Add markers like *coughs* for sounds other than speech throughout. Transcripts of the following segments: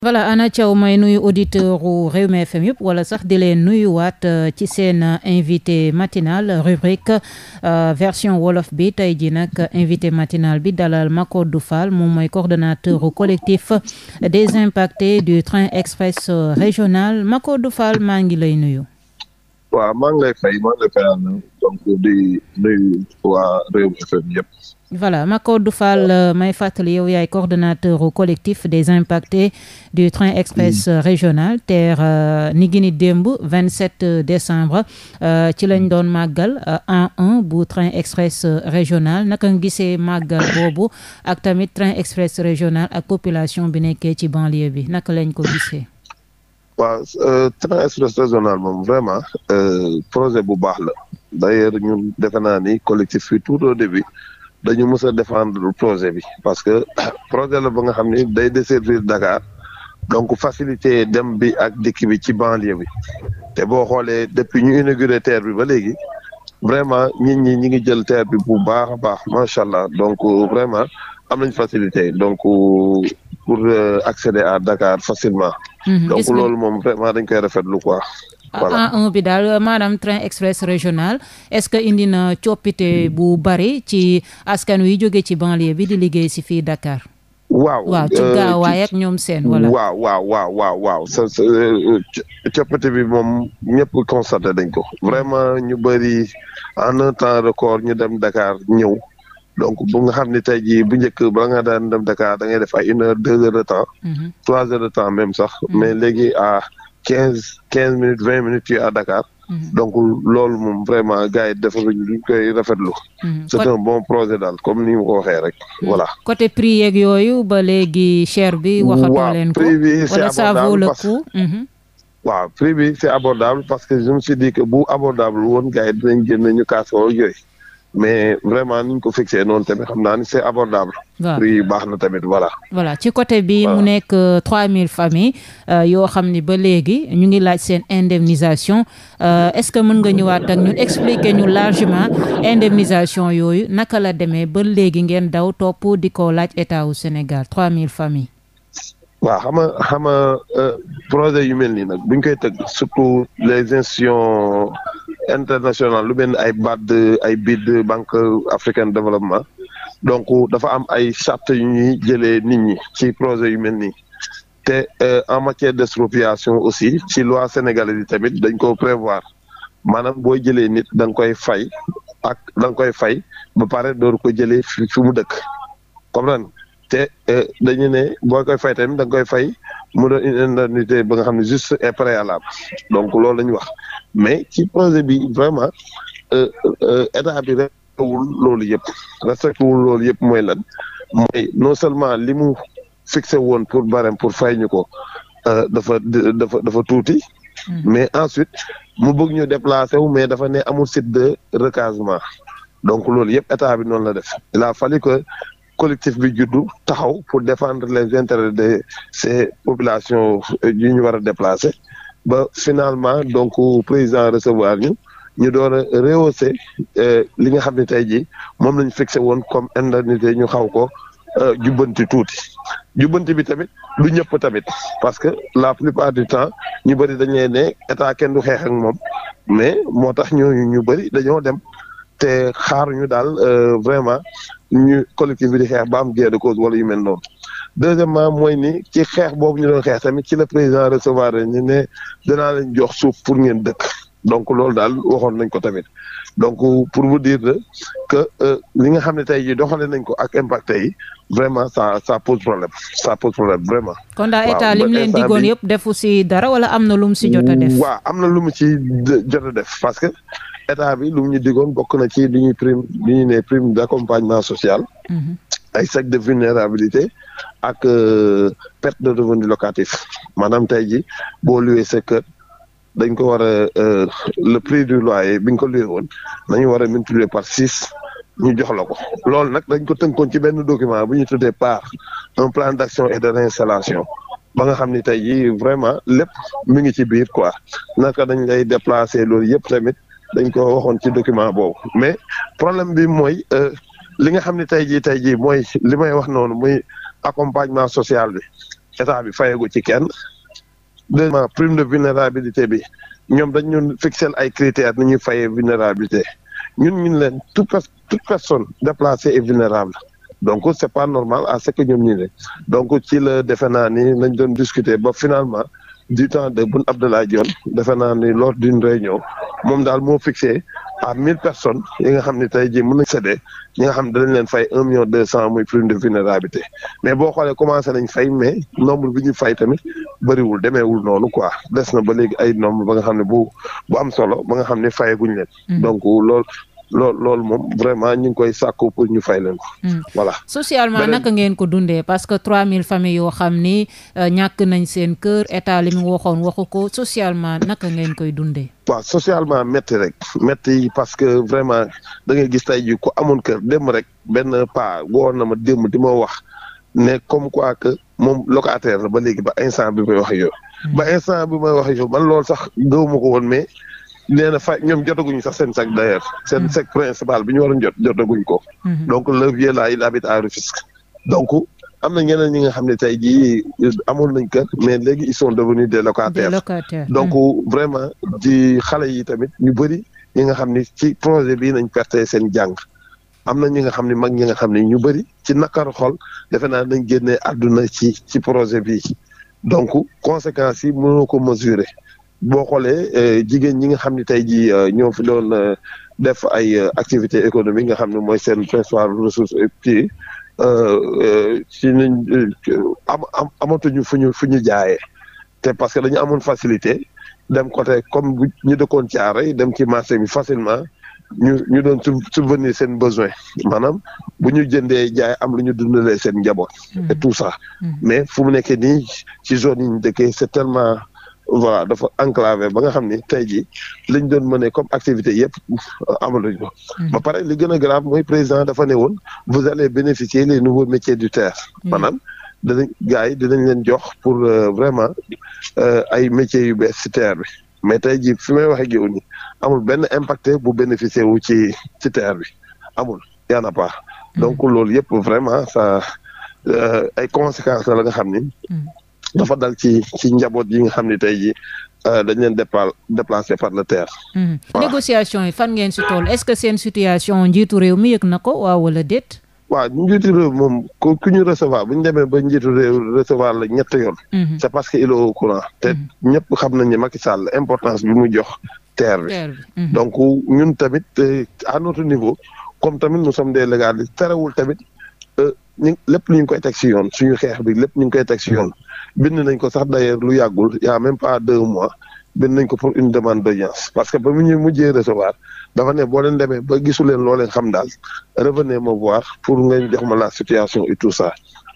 voilà Anna Thiaw may nuyu auditeur u Rewmi FM yëpp wala sax di leen nuyuwaat euh, ci seen euh, invité matinal rubrique euh, version wolof bi tey ji nag invité matinal bi dalal Macodou Fall moom mooy coordonnateur u collectif des impactés du train express régional Macodou Fall maa ngi lay nuyu voilà Macodou Fall euh, may fàttali yow yaay coordonnateur au collectif des impactés du train express mm. euh, régional TER euh, ni gi ni démb 27 décembre ci lañ mm. doon màggal an 1 bu train express régional naka nga gisee màggal boobu ak tamit train express régional ak population bi nekkee ci banlieue bi naka lañ ko gisee waaw express régional moom vraiment projet bu baax la d'ailleurs ñun defe ni collectif bi tout au début dañu mës a défendre projet bi parce que *coughs* projet la ba nga xam ni day desservir Dakar donc faciliter dem bi ak dikk bi ci banlieue bi te boo xoolee depuis ñu inauguré teer bi ba léegi vraiment nit ñi ñi ngi jël terre bi bu baax a baax macha allah donc euh, vraiment am nañ facilité donc euh, pour euh, accéder à Dakar facilement. Mhm. donc loolu moom vraiment dañ koy rafetlu quoi. Ah, voilà A1 ah, bi daal maanaam train express régional est-ce que indi na coppite bu bari ci askan wi jóge ci banlieue bi di liggéey si fii Dakar. waaw waaw euh, ñoom seen. voilà waaw waaw waaw waaw waaw sa euh, coppite bi moom ñëpp constaté dañ ko. vraiment ñu bëri en un temps record ñu dem Dakar ñëw. donc bu nga xam ne tey jii bu njëkk bala nga daan dem Dakar da ngay def ay une heure deux heures de temps. Mhm. trois heures de temps même sax. Mhm. mais léegi à ah, quinze quinze minutes vingt minutes fii a Dakar. Mhm. donc loolu moom vraiment gars yi defaluñ luñ koy rafetlu. Mhm. c'est un bon projet daal comme ni ma ko waxee rek mhm. voilà. côté prix yeeg ba léegi cher bi. waxatoo leen ko bi c'est abordable wala ça vaut le coup. bi c'est abordable parce que je me suis bu abordable woon gars yi dinañ génn mais vraiment ni ñu ko fixé noonu tamit xam naa ni c'est abordable. prix yi baax na tamit voilà. voilà ci côté bi mu nekk 3000 euh, famille euh, yoo xam ni ba léegi ñu ngi laaj seen indemnisation euh, est-ce que mën nga ñëwaat ak ñun expliquer ñu largement indemnisation yooyu naka la demee ba léegi ngeen daw topp di ko laaj état wu Sénégal 3000 familles. waaw xam nga xam nga projet yu mel nii nag bu koy tëgg surtout les institutions. international lu mel ay BAD ay BID banque africaine développement donc dafa am ay charte yu ñuy jëlee nit ñi ci projet yu mel nii te euh, en matière d'expropriation aussi ci loi sénégalaise yi tamit dañ ko prévoir maanaam booy jëlee nit da nga koy fay ak da nga koy fay ba pare door ko jëlee fi mu dëkk comprendre te euh, dañu ne boo koy fay tamit da nga koy fay mu doon une indemnité ba nga xam ne juste et préalable donc loolu la ñu wax mais ci projet bi vraiment euh, euh, état bi respecté wul loolu yëpp respecté wul loolu yëpp mooy lan mooy non seulement li mu fixé woon pour barème pour fay ñu ko euh, dafa dafa dafa tuuti. Mm-hmm. mais ensuite mu bëgg ñu déplacé wu mais dafa ne amul site de recasement donc loolu yëpp état bi noonu la def il a collectif bi juddu taxaw pour défendre les intérêts de ces populations euh, yu ñu war a déplacer ba finalement donc président recevoir ñu ñu door a rehausser euh, li nga xam ne tey jii moom la ñu woon comme indemnité ñu xaw ko euh, jubbanti tuuti jubbanti bi tamit lu ñëpp tamit parce que la plupart du temps ñu bëri dañ leen ne état kenn du xeex ak moom mais moo tax ñooñu ñu bëri dañoo dem te xaaruñu daal vraiment ñu collectif bi di xeex ba am gain de cause wala yu mel deuxièmement mooy ni ci xeex boobu ñu doon xeex tamit ci la président recevoir ñu ne danaa leen jox suuf pour ngeen dëkk donc loolu daal waxoon nañ ko tamit donc pour vous dire que euh, li nga xam ne tey jii doxale nañ ko ak impacté yi vraiment ça ça pose problème ça pose problème vraiment. kon daal état leen digoon yëpp defu si dara wala am na lu mu si jot am na lu mu si jot a def parce que. état bi lu ñu digoon bokk na ci lu ñuy prime lu ñuy ne prime d'accompagnement social. Mm-hmm. ay chèques de vulnérabilité ak euh, perte de revenu locatif maanaam tey ji boo luwee sa dañ ko war a euh, le prix du loi bi nga ko luwee woon nañu war a multiplier par six ñu jox la ko loolu nag dañ ko tënkoon ci benn document bu ñu tuddee par un plan d'action et de réinstallation ba nga xam ni tey ji vraiment lépp mi ngi ci biir quoi naka dañ lay déplacer loolu yëpp tamit. dañ ko waxoon ci document boobu mais problème bi mooy euh, li nga xam ne tey jii tey jii mooy li may wax noonu muy accompagnement sociale bi état bi fayegu ci kenn. deuxièmement prime de vulnérabilité bi ñoom dañ ñun fixel ay critères ni ñuy fayee vulnérabilité ñun ñun leen toute toute personne déplacé est vulnérable donc c'est pas normal à ce que ñoom ñu ne donc ci la defe naa ni lañ doon discuter ba finalement. du temps de Boun Abdallah Dionne defe naa ni lors d'une réunion moom daal moo fixe à mille personnes yi nga xam ne tey jii mun nañ séddee ñi nga xam ne dañ leen fay un million deux cent muy prime de vulnérabilité mais boo xoolee commencé nañ fay mais nombre bi ñu fay tamit bëriwul demeewul noonu quoi des na ba léegi ay nombre ba nga xam ne bu bu am solo ba nga xam ne fayaguñ leen mm. donc loolu lool loolu moom vraiment ñu ngi koy sàkku pour ñu fay leen ko. Hmm. voilà socialement naka ngeen ko dundee parce que 3000 familles yoo xam ni euh, ñàkk nañ seen kër état li waxoon waxu ko socialement naka ngeen koy dundee. waaw socialement métti rek métti yi parce que vraiment da gis tey ji ku amoon kër dem rek benn paa woon na ma démb di ma wax ne comme quoi que moom locataire la ba léegi ba instant bi may wax yow. Hmm. ba instant bi may wax yow man sax gëwuma ko woon mais. nee na fay ñoom jotaguñ sax seen chèque d'ailleurs seen mm-hmm. chèque principal bi ñu waroon jot jotaguñ ko. Mm-hmm. donc levier là il habite à Rufisque donc am na ñeneen ñi nga xam ne tey jii amoon nañ kër mais léegi ils sont devenus des locataires. donc vraiment di xale yi tamit ñu bëri ñi nga xam ni ci projet bii nañ perte seen jàng. am na ñi nga xam ni mag ñi nga xam ne ñu bëri ci nakaru xol defe naa nañ génnee àdduna ci ci projet bi donc conséquences yi mënoo ko mesurer. boo xoolee euh, jigéen ñi nga xam ne tey jii euh, ñoo fi doon euh, def ay activité économique nga xam ne mooy seen principal ressource ci ci nañ am am amatuñu fu ñu fu ñu jaayee te parce que dañu amoon facilité dem côté comme ñu dekoon dëkkoon yi dem ci marché bi facilement ñu ñu doon subvenir seen besoin maanaam bu ñu jëndee jaay am lu ñu dundalee seen njaboot. Mm-hmm. et tout ça mm-hmm. mais fu mu nekkee ci zone yi c'est tellement voilà dafa enclavé ba nga xam ni tey jii liñ doon mëne comme activité yëpp amaluñ ko. Hmm. ba pare li gën a grave mooy président dafa ne woon vous allez bénéficier les nouveaux métiers du terre. Hmm. maanaam danañ gars yi dinañ leen jox pour euh, vraiment euh, ay métier yu bees ci terre bi mais tey jii fi may wax ak yow amul benn impacté bu bénéficier wu ci ci terre bi amul y en pas hmm. donc loolu yëpp vraiment ça euh, ay conséquences la nga xam ni. dafa dal ci ci njaboot yi nga xam ne tey euh, dañ leen dépal déplacé par la terre. Mhm. négociation yi fan ngeen si toll est-ce que seen situation njiitu réew mi yëg na ko waaw wala déet. waaw njiitu réew moom ku ku ñu recevoir bu ñu demee ba njiitu réew recevoir la ñett yoon. Mhm. c'est parce que il est courant. te mhm. ñëpp xam nañ ne Macky Sall importance bi mu jox terre bi. donc ñun tamit à notre niveau comme tamit nous sommes des légalistes terewul tamit euh, ñu lépp lu ñu koy teg si yoon suñu xeex bi lépp ñu ngi koy teg si yoon. bind nañ ko sax d'ailleurs lu yàggul y a pas deux mois bind nañ ko pour une demande d'audience parce que ba mu ñu mujjee recevoir dafa ne boo leen demee ba gisu leen loo leen xam daal revenez me voir pour ngeen jox ma la situation et tout ça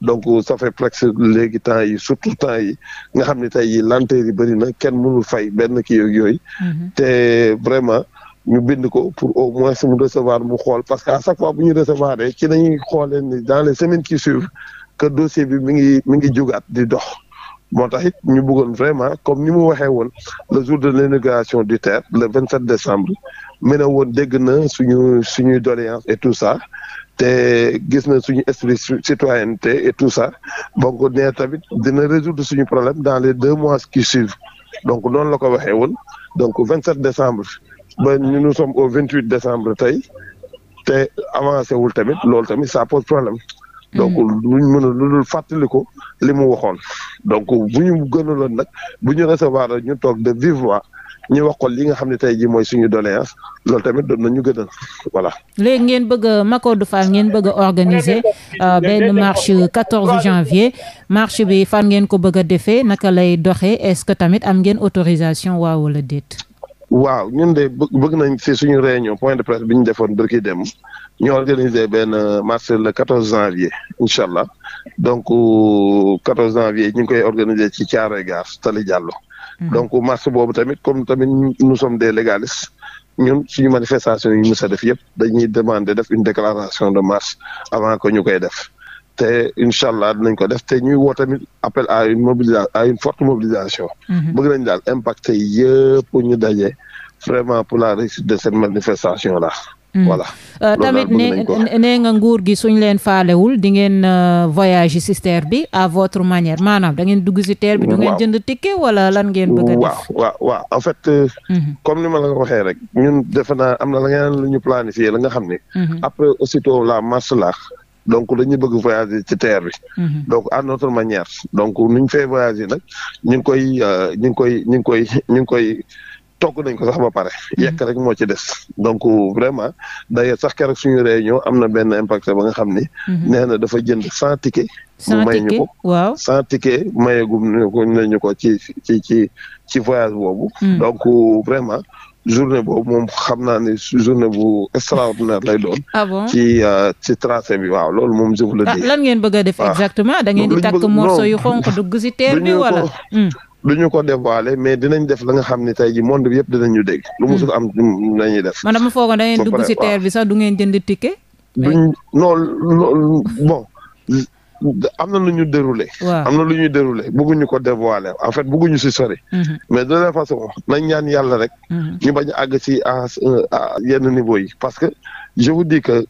donc ça fait presque léegi temps yi surtout temps yi nga xam ne tey yi lanteer yi bëri na kenn mënul fay benn kii yooyu. Mm-hmm. te vraiment ñu bind ko pour au moins mu recevoir mu xool parce que à chaque fois bu ñu recevoir mi ngi mi di dox. moo tax it ñu bëggoon vraiment comme ni mu waxee woon le jour de l'inauguration du TER le vingt sept décembre mu ne woon dégg na suñu suñuy doléance et tout ça te gis na suñu esprit citoyenneté et tout ça donc nee tamit dina résoudre suñu problème dans les deux mois qui suivent donc noonu la ko waxee woon donc vingt sept décembre ba ñu nous sommes au vingt huit décembre tey te avancé wul tamit loolu tamit ça pose problème donc hmm. mën a lu dul fàttali ko li mu waxoon donc bu ñu nag bu ñu recevoir rek ñu toog de vive ñu wax ko li nga xam ne tey jii mooy suñu doléance loolu tamit doon nañu gënal voilà. léegi ngeen bëgg a Macodou Fall ngeen bëgg a organiser euh, benn marche 14 janvier marche bi fan ngeen ko bëgg a defee naka lay doxee est-ce que tamit am ngeen autorisation waa wala déet. waaw ñun de bëgg nañ si suñu réunion point de presse bi ñu defoon bërki dem ñu organiser benn marche le quatorze janvier incha allah donc euh, quatorze janvier ñu ngi koy organiser ci Thiaroye Gare Tali Diallo. Hmm. donc marche boobu tamit comme tamit nous sommes des légalistes. ñun suñu manifestation yi ñu sa def yëpp dañuy demander def une déclaration de marche avant que ñu koy def te incha allah dinañ ko def te ñuy woo tamit appel à une mobilisation à une forte mobilisation. Mm-hmm. bëgg nañ daal impacté yëpp ñu daje vraiment pour la réussite de cette manifestation là. Mm-hmm. voilà euh, tamit ne nga nguur gi suñ leen faalewul di ngeen euh, voyage si bi a votre manière maanaam da ngeen si terre bi. du ngeen jënd ticket wala lan ngeen. bëgg a def waaw en fait. Euh, mm-hmm. comme ni ma la ko waxee rek. ñun defe naa am na la ngeen lu ñu planifié la nga xam ni. après aussitôt la marche là. donc dañuy bëgg voyager ci terre bi. Mhm. donc à notre manière. donc nu ñu fay voyager nag euh, ñu ngi koy ñu ngi koy ñu ngi koy ñu ngi koy. nañ ko sax ba pare mhm. yekk rek moo ci des donc vraiment d'ailleurs sax keroog suñu réunion am na benn impact ba nga xam ni mhm. nee na dafa jënd cent ticket mu may ñu ko waaw cent ticket mayegum nañu ko ci ci ci ci voyage boobu donc vraiment journée boobu moom xam naa ne journée bu extraordinaire lay doon. ah bon ci euh, ci bi waaw lool moom je vous le ah, dis. lan ngeen bëgg a def ah. exactement da ngeen di takk morceau yu xonq dugg si *laughs* teer bi wala. du hmm. ñu ko dévoilé mais dinañ def la nga xam ne tey ji monde bi yëpp dinañu dégg. lu hmm. musul am nañuy def. man dama foogoon da ngeen dugg si teer bi sax du ngeen jënd ticket. duñ non bon. am na ñu déroulé. waaw am na lu ñuy déroulé bëgguñu ko dévoiler en fait bëgguñu si sori. Mhm. mais de la façon nañ ñaan yàlla rek. Mhm. ñu bañ a àgg si niveau yi parce que je vous dis que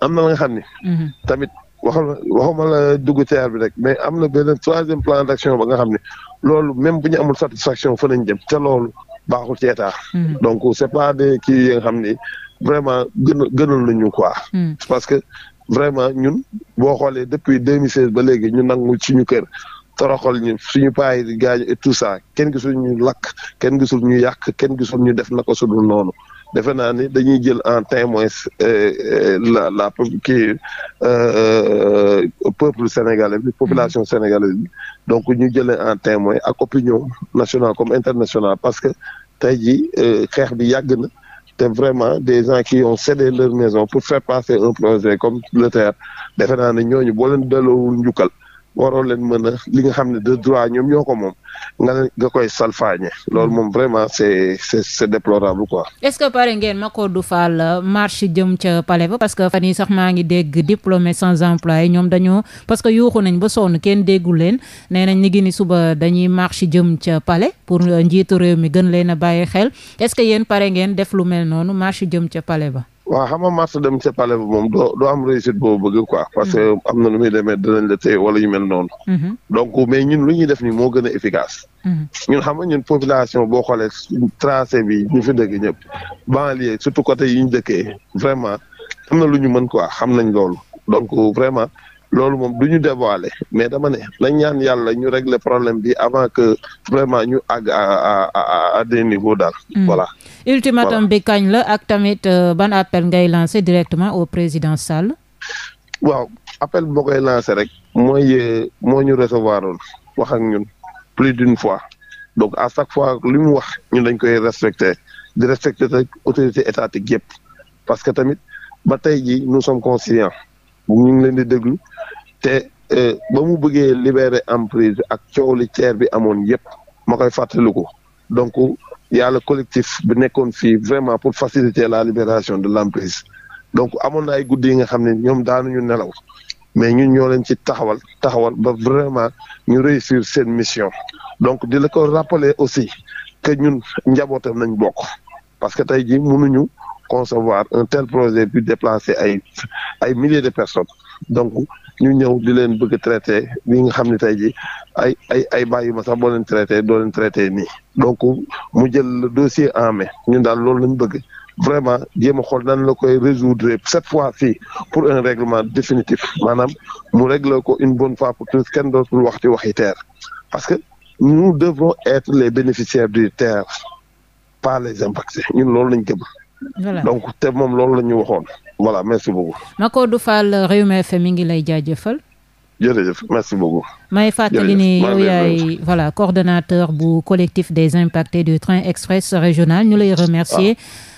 am na la nga xam ni. Mhm. tamit waxal waxuma la dugg terre bi rek mais am na beneen troisième plan d'action ba nga xam ni loolu même bu ñu amul satisfaction fa nañ jëm te loolu baaxul ci état. donc c'est pas des kii a nga xam ni vraiment gën gënal nañu quoi. parce que vraiment ñun boo xoolee depuis 2016 ba léegi ñu nangu suñu kër toroxal ñu suñu paay di gaañu et tout ça kenn gisul ñu lakk kenn gisul ñu yàq kenn gisul ñu def na ko sudul noonu defe naa ni dañuy jël en témoin euh, euh, la la kii euh, peuple sénégalais bi population mm-hmm. sénégalaise donc ñu jëlee en témoin ak opinion nationale comme international parce que tey jii xeex bi yàgg na te vraiment des gens qui on cédé leur maison pour faire passer un projet comme le TER defe naa ne ñooñu boo leen delloowul njukkal waroo leen mën a li nga xam ne de droit ñoom ñoo ko moom nga nga koy salfaañe loolu moom vraiment c'est c'est c'est déplorable quoi. est-ce que pare ngeen Macodou Fall euh, marche jëm ca palais ba parce que fan sax maa ngi dégg diplômé sans emploi yi ñoom dañoo parce que yuuxu nañ ba sonn kenn déggul leen nee nañ ni gini suba dañuy marche jëm ca palais pour euh, njiitu réew mi gën leen a bàyyi xel est-ce que yéen pare ngeen def lu mel noonu marche jëm ca palais ba. waaw xam nga marche dem ca palais bi am réussite boobu bëgg quoi. parce que mm-hmm. am na lu muy demee danañ la téye wala ñu mel noonu. Mm-hmm. donc mais ñun lu ñuy def nii gën a efficace. Mm-hmm. ñun xam ñun population boo xoolee tracé bi ñu fi dëkk ñëpp banlieue surtout côté yi ñu dëkkee vraiment am na lu ñu mën quoi xam nañ loolu donc vraiment. loolu moom du ñu dévoiler mais dama ne lañ ñaan yàlla ñu régler problème bi avant que vraiment ñu àgg à à à des daal. Hmm. voilà bi kañ la ak tamit euh, ban appel ngay lancer directement au président Sall. waaw appel boo koy lancer rek. mooy moo ñu recevoir wax ak ñun plus d'une fois donc à chaque fois li mu wax ñun dañ koy respecter di respecter autorité étatique yëpp parce que tamit ba tey jii nous sommes conscients. ñu ngi leen di déglu te euh, ba mu bëggee libérer emprise ak coow li ceer bi amoon yëpp ma koy fàttaliku donc yàlla collectif bi nekkoon fii vraiment pour faciliter la libération de l'emprise donc amoon na ay guddi yi nga xam ne ñoom daanuñu nelaw mais ñun ñoo leen ci taxawal taxawal ba vraiment ñu réussir seen mission donc di la ko rappeler aussi que ñun njabootam nañ bokk parce que tey jii mënuñu concevoir un tel projet puis déplacer ay ay milliers de personnes donc ñu ñëw di leen bëgg traité li nga xam ne tey jii ay ay ay bàyyi ma sax boo leen traité doo leen traité nii donc mu jël le dossier en main ñun daal loolu lañ bëgg vraiment jéem a xool nan la koy résoudre cette fois-ci pour un règlement définitif maanaam mu régler ko une bonne fois pour tous kenn dootul wax ci waxi terre parce que nous devons être les bénéficiaires du terre pas les impactés ñun loolu lañ gëm voilà donc te moom loolu la ñu waxoon. voilà merci beaucoup. Macodou Fall Rewmi FM mi ngi lay jaajëfal. jërëjëf merci beaucoup. may fàttali ni yow yaay voilà coordonnateur bu collectif des impactés du train express régional ñu lay remercier. Ah.